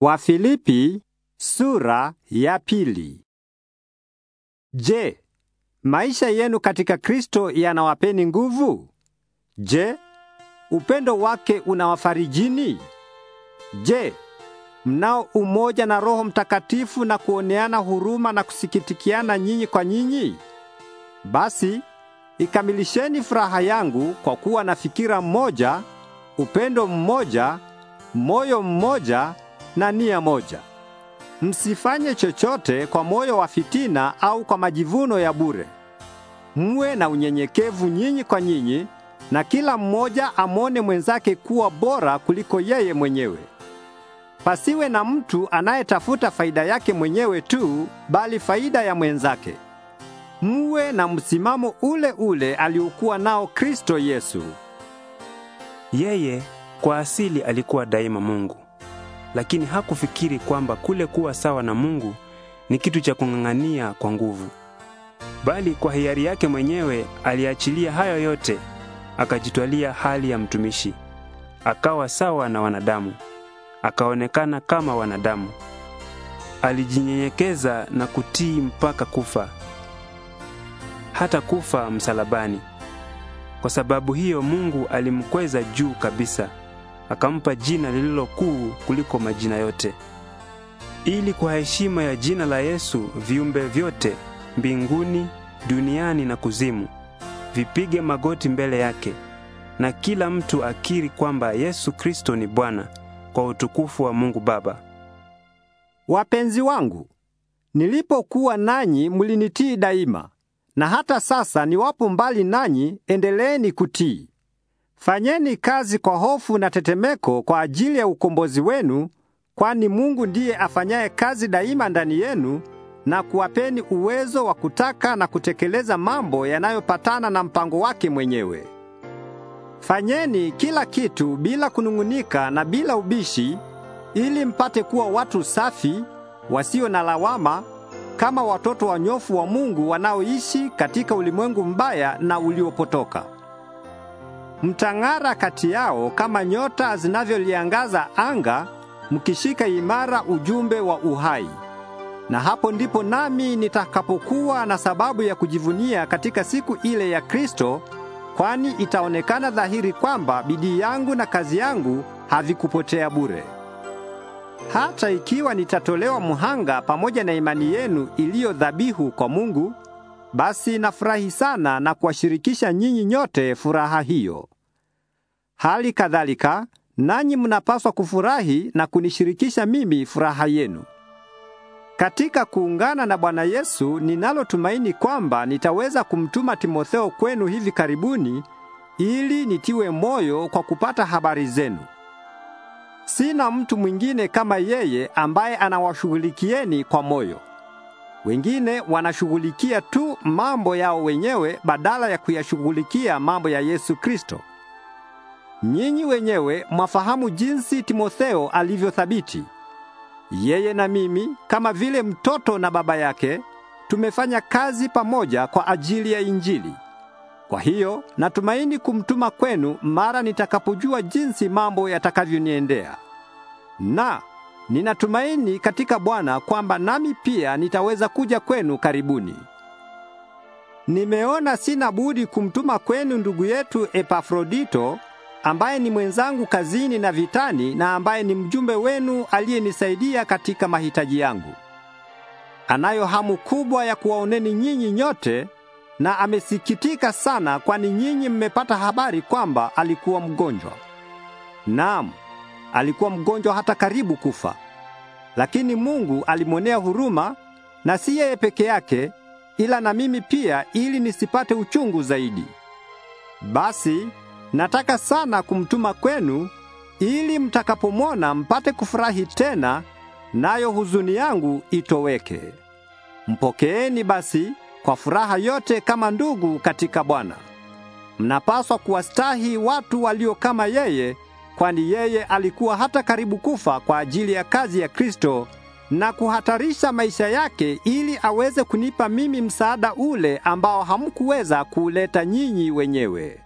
Wafilipi sura ya pili. Je, maisha yenu katika Kristo yanawapeni nguvu? Je, upendo wake unawafarijini? Je, mnao umoja na Roho Mtakatifu na kuoneana huruma na kusikitikiana nyinyi kwa nyinyi? Basi ikamilisheni furaha yangu kwa kuwa na fikira mmoja, upendo mmoja, moyo mmoja na nia moja. Msifanye chochote kwa moyo wa fitina au kwa majivuno ya bure. Mwe na unyenyekevu nyinyi kwa nyinyi, na kila mmoja amone mwenzake kuwa bora kuliko yeye mwenyewe. Pasiwe na mtu anayetafuta faida yake mwenyewe tu, bali faida ya mwenzake. Mwe na msimamo ule ule aliokuwa nao Kristo Yesu. Yeye kwa asili alikuwa daima Mungu lakini hakufikiri kwamba kule kuwa sawa na Mungu ni kitu cha kung'ang'ania kwa nguvu, bali kwa hiari yake mwenyewe aliachilia hayo yote, akajitwalia hali ya mtumishi, akawa sawa na wanadamu, akaonekana kama wanadamu. Alijinyenyekeza na kutii mpaka kufa, hata kufa msalabani. Kwa sababu hiyo Mungu alimkweza juu kabisa akampa jina lililo kuu kuliko majina yote, ili kwa heshima ya jina la Yesu viumbe vyote mbinguni, duniani na kuzimu vipige magoti mbele yake, na kila mtu akiri kwamba Yesu Kristo ni Bwana kwa utukufu wa Mungu Baba. Wapenzi wangu, nilipokuwa nanyi mlinitii daima, na hata sasa niwapo mbali nanyi, endeleeni kutii. Fanyeni kazi kwa hofu na tetemeko kwa ajili ya ukombozi wenu, kwani Mungu ndiye afanyaye kazi daima ndani yenu na kuwapeni uwezo wa kutaka na kutekeleza mambo yanayopatana na mpango wake mwenyewe. Fanyeni kila kitu bila kunung'unika na bila ubishi, ili mpate kuwa watu safi, wasio na lawama, kama watoto wanyofu wa Mungu wanaoishi katika ulimwengu mbaya na uliopotoka mtang'ara kati yao kama nyota zinavyoliangaza anga, mkishika imara ujumbe wa uhai. Na hapo ndipo nami nitakapokuwa na sababu ya kujivunia katika siku ile ya Kristo, kwani itaonekana dhahiri kwamba bidii yangu na kazi yangu havikupotea bure. Hata ikiwa nitatolewa mhanga pamoja na imani yenu iliyo dhabihu kwa Mungu, basi nafurahi sana na kuwashirikisha nyinyi nyote furaha hiyo. Hali kadhalika, nanyi mnapaswa kufurahi na kunishirikisha mimi furaha yenu. Katika kuungana na Bwana Yesu, ninalotumaini kwamba nitaweza kumtuma Timotheo kwenu hivi karibuni ili nitiwe moyo kwa kupata habari zenu. Sina mtu mwingine kama yeye ambaye anawashughulikieni kwa moyo. Wengine wanashughulikia tu mambo yao wenyewe badala ya kuyashughulikia mambo ya Yesu Kristo. Nyinyi wenyewe mwafahamu jinsi Timotheo alivyothabiti. Yeye na mimi kama vile mtoto na baba yake tumefanya kazi pamoja kwa ajili ya Injili. Kwa hiyo natumaini kumtuma kwenu mara nitakapojua jinsi mambo yatakavyoniendea. Na Ninatumaini katika Bwana kwamba nami pia nitaweza kuja kwenu karibuni. Nimeona sina budi kumtuma kwenu ndugu yetu Epafrodito ambaye ni mwenzangu kazini na vitani na ambaye ni mjumbe wenu aliyenisaidia katika mahitaji yangu. Anayo hamu kubwa ya kuwaoneni nyinyi nyote na amesikitika sana kwani nyinyi mmepata habari kwamba alikuwa mgonjwa. Naam, alikuwa mgonjwa hata karibu kufa. Lakini Mungu alimwonea huruma, na si yeye peke yake, ila na mimi pia, ili nisipate uchungu zaidi. Basi nataka sana kumtuma kwenu, ili mtakapomwona mpate kufurahi tena, nayo huzuni yangu itoweke. Mpokeeni basi kwa furaha yote kama ndugu katika Bwana. Mnapaswa kuwastahi watu walio kama yeye kwani yeye alikuwa hata karibu kufa kwa ajili ya kazi ya Kristo na kuhatarisha maisha yake ili aweze kunipa mimi msaada ule ambao hamkuweza kuuleta nyinyi wenyewe.